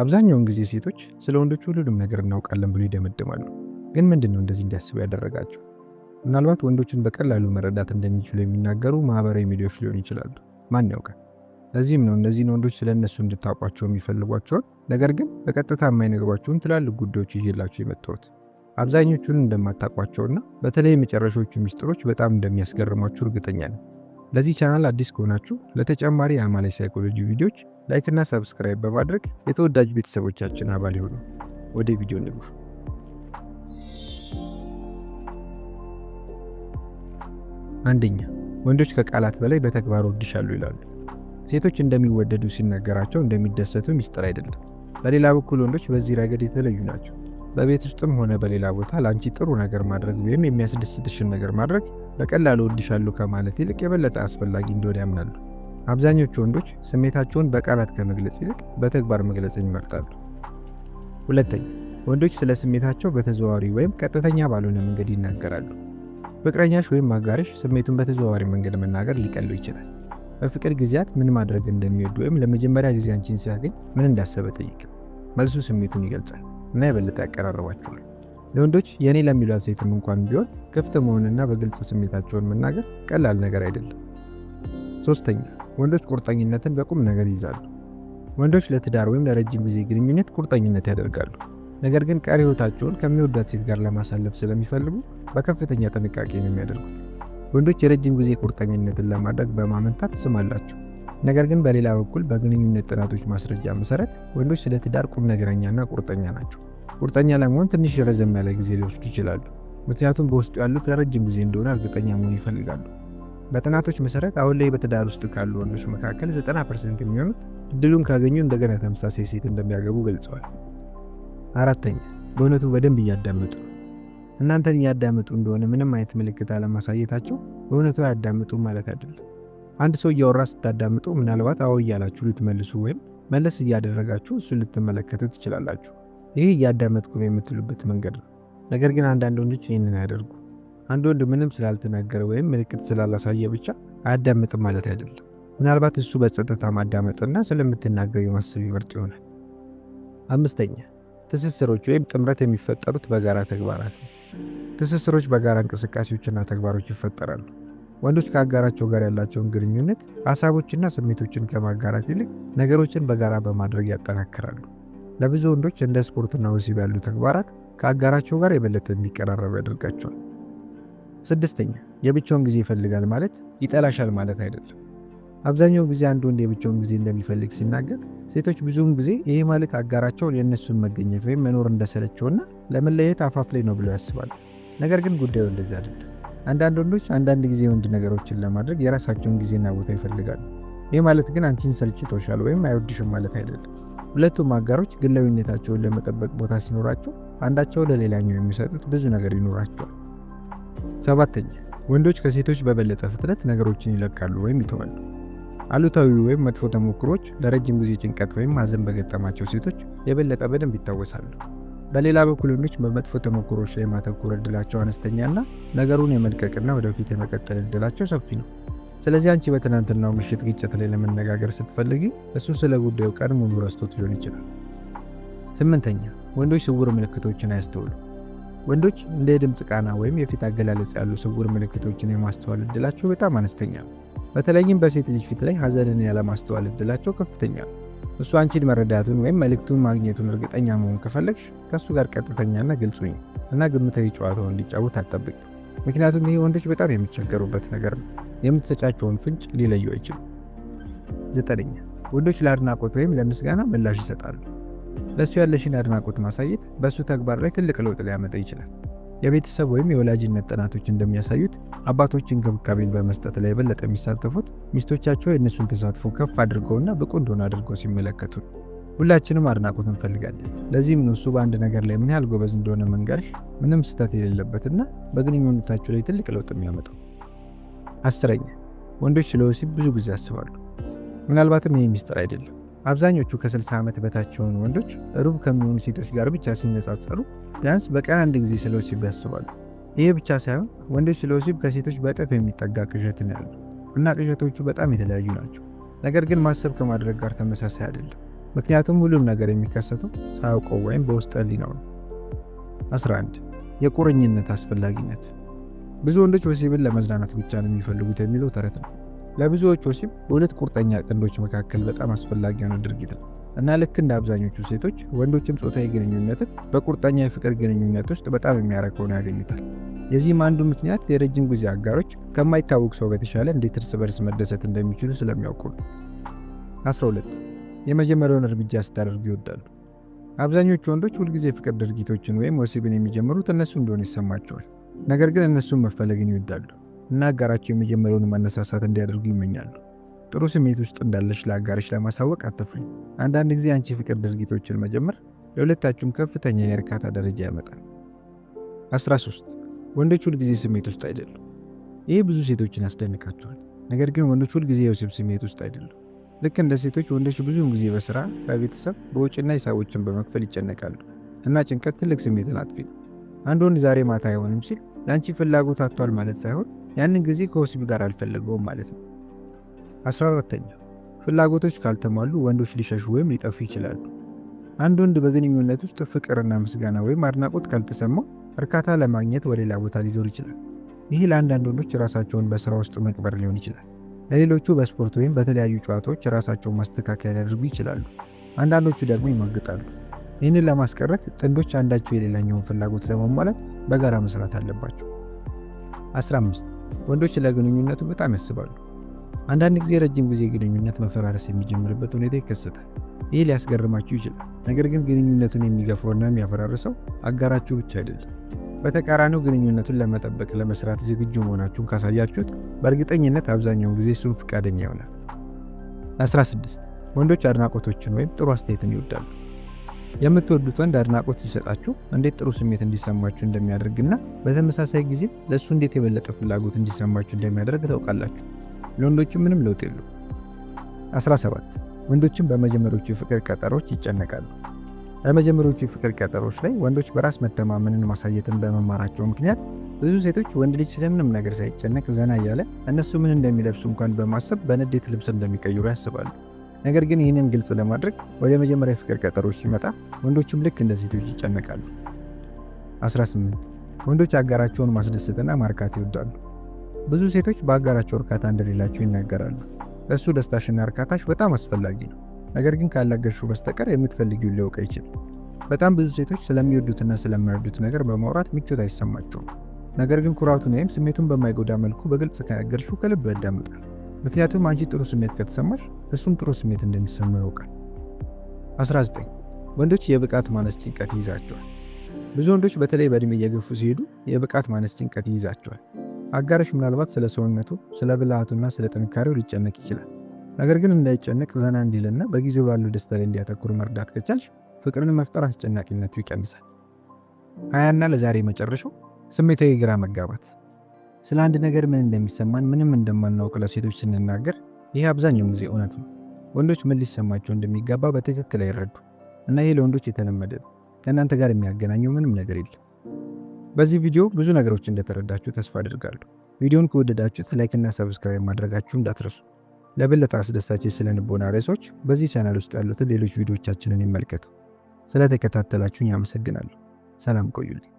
አብዛኛውን ጊዜ ሴቶች ስለ ወንዶች ሁሉንም ነገር እናውቃለን ብሎ ይደመድማሉ። ግን ምንድን ነው እንደዚህ እንዲያስቡ ያደረጋቸው? ምናልባት ወንዶችን በቀላሉ መረዳት እንደሚችሉ የሚናገሩ ማህበራዊ ሚዲያዎች ሊሆን ይችላሉ። ማን ያውቃል? ለዚህም ነው እነዚህን ወንዶች ስለ እነሱ እንድታውቋቸው የሚፈልጓቸውን ነገር ግን በቀጥታ የማይነግሯቸውን ትላልቅ ጉዳዮች ይዤላቸው የመጣሁት። አብዛኞቹን እንደማታውቋቸውና በተለይ የመጨረሻዎቹ ሚስጥሮች በጣም እንደሚያስገርሟችሁ እርግጠኛ ነው። ለዚህ ቻናል አዲስ ከሆናችሁ ለተጨማሪ የአማላይ ሳይኮሎጂ ቪዲዮዎች ላይክና ሰብስክራይብ በማድረግ የተወዳጅ ቤተሰቦቻችን አባል ይሁኑ። ወደ ቪዲዮ እንግባ። አንደኛ ወንዶች ከቃላት በላይ በተግባር ወድሻሉ ይላሉ። ሴቶች እንደሚወደዱ ሲነገራቸው እንደሚደሰቱ ሚስጥር አይደለም። በሌላ በኩል ወንዶች በዚህ ረገድ የተለዩ ናቸው። በቤት ውስጥም ሆነ በሌላ ቦታ ለአንቺ ጥሩ ነገር ማድረግ ወይም የሚያስደስትሽን ነገር ማድረግ በቀላሉ ወድሻሉ ከማለት ይልቅ የበለጠ አስፈላጊ እንደሆነ ያምናሉ። አብዛኞቹ ወንዶች ስሜታቸውን በቃላት ከመግለጽ ይልቅ በተግባር መግለጽን ይመርጣሉ። ሁለተኛ፣ ወንዶች ስለ ስሜታቸው በተዘዋዋሪ ወይም ቀጥተኛ ባልሆነ መንገድ ይናገራሉ። ፍቅረኛሽ ወይም አጋርሽ ስሜቱን በተዘዋዋሪ መንገድ መናገር ሊቀለው ይችላል። በፍቅር ጊዜያት ምን ማድረግ እንደሚወድ ወይም ለመጀመሪያ ጊዜ አንቺን ሲያገኝ ምን እንዳሰበ ጠይቅ። መልሱ ስሜቱን ይገልጻል እና የበለጠ ያቀራረባቸዋል። ለወንዶች የእኔ ለሚሏት ሴትም እንኳን ቢሆን ክፍት መሆንና በግልጽ ስሜታቸውን መናገር ቀላል ነገር አይደለም። ሶስተኛ ወንዶች ቁርጠኝነትን በቁም ነገር ይይዛሉ። ወንዶች ለትዳር ወይም ለረጅም ጊዜ ግንኙነት ቁርጠኝነት ያደርጋሉ። ነገር ግን ቀሪ ህይወታቸውን ከሚወዳት ሴት ጋር ለማሳለፍ ስለሚፈልጉ በከፍተኛ ጥንቃቄ ነው የሚያደርጉት። ወንዶች የረጅም ጊዜ ቁርጠኝነትን ለማድረግ በማመንታት ስም አላቸው። ነገር ግን በሌላ በኩል በግንኙነት ጥናቶች ማስረጃ መሰረት ወንዶች ስለ ትዳር ቁም ነገረኛና ቁርጠኛ ናቸው። ቁርጠኛ ለመሆን ትንሽ ረዘም ያለ ጊዜ ሊወስዱ ይችላሉ፣ ምክንያቱም በውስጡ ያሉት ለረጅም ጊዜ እንደሆነ እርግጠኛ መሆን ይፈልጋሉ። በጥናቶች መሰረት አሁን ላይ በትዳር ውስጥ ካሉ ወንዶች መካከል 90 ፐርሰንት የሚሆኑት እድሉን ካገኙ እንደገና ተመሳሳይ ሴት እንደሚያገቡ ገልጸዋል። አራተኛ በእውነቱ በደንብ እያዳመጡ እናንተን እያዳመጡ እንደሆነ ምንም አይነት ምልክት አለማሳየታቸው በእውነቱ አያዳምጡ ማለት አይደለም። አንድ ሰው እያወራ ስታዳምጡ ምናልባት አዎ እያላችሁ ልትመልሱ ወይም መለስ እያደረጋችሁ እሱን ልትመለከቱ ትችላላችሁ። ይህ እያዳመጥኩም የምትሉበት መንገድ ነው። ነገር ግን አንዳንድ ወንዶች ይህንን አያደርጉ አንድ ወንድ ምንም ስላልተናገረ ወይም ምልክት ስላላሳየ ብቻ አያዳምጥም ማለት አይደለም። ምናልባት እሱ በጸጥታ ማዳመጥና ስለምትናገር ማሰብ ይመርጥ ይሆናል። አምስተኛ ትስስሮች ወይም ጥምረት የሚፈጠሩት በጋራ ተግባራት ነው። ትስስሮች በጋራ እንቅስቃሴዎችና ተግባሮች ይፈጠራሉ። ወንዶች ከአጋራቸው ጋር ያላቸውን ግንኙነት ሀሳቦችና ስሜቶችን ከማጋራት ይልቅ ነገሮችን በጋራ በማድረግ ያጠናክራሉ። ለብዙ ወንዶች እንደ ስፖርትና ወሲብ ያሉ ተግባራት ከአጋራቸው ጋር የበለጠ እንዲቀራረብ ያደርጋቸዋል። ስድስተኛ የብቻውን ጊዜ ይፈልጋል ማለት ይጠላሻል ማለት አይደለም። አብዛኛውን ጊዜ አንድ ወንድ የብቻውን ጊዜ እንደሚፈልግ ሲናገር ሴቶች ብዙውን ጊዜ ይህ ማለት አጋራቸውን የእነሱን መገኘት ወይም መኖር እንደሰለቸውና ለመለየት አፋፍ ላይ ነው ብለው ያስባሉ። ነገር ግን ጉዳዩ እንደዚህ አይደለም። አንዳንድ ወንዶች አንዳንድ ጊዜ ወንድ ነገሮችን ለማድረግ የራሳቸውን ጊዜና ቦታ ይፈልጋሉ። ይህ ማለት ግን አንቺን ሰልችቶሻል ወይም አይወድሽም ማለት አይደለም። ሁለቱም አጋሮች ግላዊነታቸውን ለመጠበቅ ቦታ ሲኖራቸው አንዳቸው ለሌላኛው የሚሰጡት ብዙ ነገር ይኖራቸዋል። ሰባተኛ ወንዶች ከሴቶች በበለጠ ፍጥነት ነገሮችን ይለቃሉ ወይም ይተዋሉ። አሉታዊ ወይም መጥፎ ተሞክሮች ለረጅም ጊዜ ጭንቀት ወይም ሐዘን በገጠማቸው ሴቶች የበለጠ በደንብ ይታወሳሉ። በሌላ በኩል ወንዶች በመጥፎ ተሞክሮች ላይ ማተኮር እድላቸው አነስተኛና ነገሩን የመልቀቅና ወደፊት የመቀጠል እድላቸው ሰፊ ነው። ስለዚህ አንቺ በትናንትናው ምሽት ግጭት ላይ ለመነጋገር ስትፈልጊ እሱ ስለ ጉዳዩ ቀድሞውኑ ረስቶት ሊሆን ይችላል። ስምንተኛ ወንዶች ስውር ምልክቶችን አያስተውሉ ወንዶች እንደ የድምፅ ቃና ወይም የፊት አገላለጽ ያሉ ስውር ምልክቶችን የማስተዋል እድላቸው በጣም አነስተኛ ነው። በተለይም በሴት ልጅ ፊት ላይ ሀዘንን ያለማስተዋል እድላቸው ከፍተኛ ነው። እሱ አንቺን መረዳቱን ወይም መልእክቱን ማግኘቱን እርግጠኛ መሆን ከፈለግሽ ከእሱ ጋር ቀጥተኛና ግልጽ ሁኚ እና ግምታዊ ጨዋታውን እንዲጫወት አጠብቅ። ምክንያቱም ይሄ ወንዶች በጣም የሚቸገሩበት ነገር ነው። የምትሰጫቸውን ፍንጭ ሊለዩ አይችልም። ዘጠነኛ ወንዶች ለአድናቆት ወይም ለምስጋና ምላሽ ይሰጣሉ። ለእሱ ያለሽን አድናቆት ማሳየት በእሱ ተግባር ላይ ትልቅ ለውጥ ሊያመጣ ይችላል። የቤተሰብ ወይም የወላጅነት ጥናቶች እንደሚያሳዩት አባቶች እንክብካቤን በመስጠት ላይ የበለጠ የሚሳተፉት ሚስቶቻቸው የእነሱን ተሳትፎ ከፍ አድርገውና ብቁ እንደሆነ አድርገው ሲመለከቱ። ሁላችንም አድናቆት እንፈልጋለን። ለዚህም ነው እሱ በአንድ ነገር ላይ ምን ያህል ጎበዝ እንደሆነ መንገርሽ ምንም ስህተት የሌለበትና በግንኙነታቸው ላይ ትልቅ ለውጥ የሚያመጣው። አስረኛ ወንዶች ለወሲብ ብዙ ጊዜ ያስባሉ። ምናልባትም ይህ ሚስጥር አይደለም አብዛኞቹ ከ60 ዓመት በታች የሆኑ ወንዶች ሩብ ከሚሆኑ ሴቶች ጋር ብቻ ሲነጻጸሩ ቢያንስ በቀን አንድ ጊዜ ስለ ወሲብ ያስባሉ። ይህ ብቻ ሳይሆን ወንዶች ስለ ወሲብ ከሴቶች በእጥፍ የሚጠጋ ቅዠት ነው ያሉ እና ቅዠቶቹ በጣም የተለያዩ ናቸው። ነገር ግን ማሰብ ከማድረግ ጋር ተመሳሳይ አይደለም፣ ምክንያቱም ሁሉም ነገር የሚከሰተው ሳያውቀው ወይም በውስጠ ህሊናው ነው። 11 የቁርኝነት አስፈላጊነት ብዙ ወንዶች ወሲብን ለመዝናናት ብቻ ነው የሚፈልጉት የሚለው ተረት ነው። ለብዙዎች ወሲብ በሁለት ቁርጠኛ ጥንዶች መካከል በጣም አስፈላጊ የሆነ ድርጊት ነው እና ልክ እንደ አብዛኞቹ ሴቶች ወንዶችም ጾታዊ ግንኙነትን በቁርጠኛ የፍቅር ግንኙነት ውስጥ በጣም የሚያረከው ነው ያገኙታል። የዚህም አንዱ ምክንያት የረጅም ጊዜ አጋሮች ከማይታወቅ ሰው በተሻለ እንዴት እርስ በርስ መደሰት እንደሚችሉ ስለሚያውቁ ነው። 12 የመጀመሪያውን እርምጃ ስታደርጉ ይወዳሉ። አብዛኞቹ ወንዶች ሁልጊዜ ፍቅር ድርጊቶችን ወይም ወሲብን የሚጀምሩት እነሱ እንደሆነ ይሰማቸዋል። ነገር ግን እነሱን መፈለግን ይወዳሉ። እና አጋራቸው የመጀመሪያውን መነሳሳት እንዲያደርጉ ይመኛሉ። ጥሩ ስሜት ውስጥ እንዳለች ለአጋርሽ ለማሳወቅ አትፍሪ። አንዳንድ ጊዜ አንቺ ፍቅር ድርጊቶችን መጀመር ለሁለታችሁም ከፍተኛ የእርካታ ደረጃ ያመጣል። 13 ወንዶች ሁልጊዜ ስሜት ውስጥ አይደሉም። ይህ ብዙ ሴቶችን ያስደንቃቸዋል። ነገር ግን ወንዶች ሁልጊዜ የውስብ ስሜት ውስጥ አይደሉም። ልክ እንደ ሴቶች ወንዶች ብዙውን ጊዜ በስራ፣ በቤተሰብ፣ በውጭና ሂሳቦችን በመክፈል ይጨነቃሉ እና ጭንቀት ትልቅ ስሜትን አጥፊ ነው። አንድ ወንድ ዛሬ ማታ አይሆንም ሲል ለአንቺ ፍላጎት አጥቷል ማለት ሳይሆን ያንን ጊዜ ከወሲብ ጋር አልፈለገውም ማለት ነው። 14ተኛ ፍላጎቶች ካልተሟሉ ወንዶች ሊሸሹ ወይም ሊጠፉ ይችላሉ። አንድ ወንድ በግንኙነት ውስጥ ፍቅርና ምስጋና ወይም አድናቆት ካልተሰማው እርካታ ለማግኘት ወደ ሌላ ቦታ ሊዞር ይችላል። ይህ ለአንዳንድ ወንዶች ራሳቸውን በስራ ውስጥ መቅበር ሊሆን ይችላል። ለሌሎቹ በስፖርት ወይም በተለያዩ ጨዋታዎች ራሳቸውን ማስተካከያ ሊያደርጉ ይችላሉ። አንዳንዶቹ ደግሞ ይማግጣሉ። ይህንን ለማስቀረት ጥንዶች አንዳቸው የሌላኛውን ፍላጎት ለማሟላት በጋራ መስራት አለባቸው። 15 ወንዶች ለግንኙነቱ በጣም ያስባሉ። አንዳንድ ጊዜ ረጅም ጊዜ ግንኙነት መፈራረስ የሚጀምርበት ሁኔታ ይከሰታል። ይህ ሊያስገርማችሁ ይችላል። ነገር ግን ግንኙነቱን የሚገፍረውና የሚያፈራርሰው አጋራችሁ ብቻ አይደለም። በተቃራኒው ግንኙነቱን ለመጠበቅ ለመስራት ዝግጁ መሆናችሁን ካሳያችሁት በእርግጠኝነት አብዛኛውን ጊዜ እሱም ፈቃደኛ ይሆናል። 16 ወንዶች አድናቆቶችን ወይም ጥሩ አስተያየትን ይወዳሉ። የምትወዱት ወንድ አድናቆት ሲሰጣችሁ እንዴት ጥሩ ስሜት እንዲሰማችሁ እንደሚያደርግና በተመሳሳይ ጊዜም ለእሱ እንዴት የበለጠ ፍላጎት እንዲሰማችሁ እንደሚያደርግ ታውቃላችሁ። ለወንዶችም ምንም ለውጥ የለው። 17 ወንዶችም በመጀመሪያዎቹ የፍቅር ቀጠሮች ይጨነቃሉ። በመጀመሪያዎቹ የፍቅር ቀጠሮች ላይ ወንዶች በራስ መተማመንን ማሳየትን በመማራቸው ምክንያት ብዙ ሴቶች ወንድ ልጅ ስለምንም ነገር ሳይጨነቅ ዘና እያለ እነሱ ምን እንደሚለብሱ እንኳን በማሰብ በንዴት ልብስ እንደሚቀይሩ ያስባሉ። ነገር ግን ይህንን ግልጽ ለማድረግ ወደ መጀመሪያ የፍቅር ቀጠሮ ሲመጣ ወንዶችም ልክ እንደ ሴቶች ይጨነቃሉ። 18 ወንዶች አጋራቸውን ማስደሰትና ማርካት ይወዳሉ። ብዙ ሴቶች በአጋራቸው እርካታ እንደሌላቸው ይናገራሉ። እሱ ደስታሽና እርካታሽ በጣም አስፈላጊ ነው፣ ነገር ግን ካላገርሹ በስተቀር የምትፈልጊውን ሊያውቅ አይችልም። በጣም ብዙ ሴቶች ስለሚወዱትና ስለማይወዱት ነገር በማውራት ምቾት አይሰማቸውም። ነገር ግን ኩራቱን ወይም ስሜቱን በማይጎዳ መልኩ በግልጽ ከነገርሹ ከልብ ያዳምጣል። ምክንያቱም አንቺ ጥሩ ስሜት ከተሰማሽ እሱም ጥሩ ስሜት እንደሚሰማው ያውቃል። 19 ወንዶች የብቃት ማነስ ጭንቀት ይይዛቸዋል። ብዙ ወንዶች በተለይ በእድሜ እየገፉ ሲሄዱ የብቃት ማነስ ጭንቀት ይይዛቸዋል። አጋርሽ ምናልባት ስለ ሰውነቱ፣ ስለ ብልሃቱና ስለ ጥንካሬው ሊጨነቅ ይችላል። ነገር ግን እንዳይጨነቅ ዘና እንዲልና በጊዜው ባሉ ደስታ ላይ እንዲያተኩር መርዳት ከቻልሽ ፍቅርን መፍጠር አስጨናቂነቱ ይቀንሳል። ሀያና ለዛሬ መጨረሻው ስሜታዊ ግራ መጋባት ስለ አንድ ነገር ምን እንደሚሰማን ምንም እንደማናውቅ ለሴቶች ስንናገር ይህ አብዛኛውን ጊዜ እውነት ነው። ወንዶች ምን ሊሰማቸው እንደሚገባ በትክክል አይረዱ እና ይሄ ለወንዶች የተለመደ ነው። ከእናንተ ጋር የሚያገናኘው ምንም ነገር የለም። በዚህ ቪዲዮ ብዙ ነገሮች እንደተረዳችሁ ተስፋ አድርጋለሁ። ቪዲዮን ከወደዳችሁት ላይክና ሰብስክራይብ ማድረጋችሁ እንዳትረሱ። ለበለጠ አስደሳች ስለንቦና ንቦና ርዕሶች በዚህ ቻናል ውስጥ ያሉትን ሌሎች ቪዲዮቻችንን ይመልከቱ። ስለተከታተላችሁኝ አመሰግናለሁ። ሰላም ቆዩልኝ።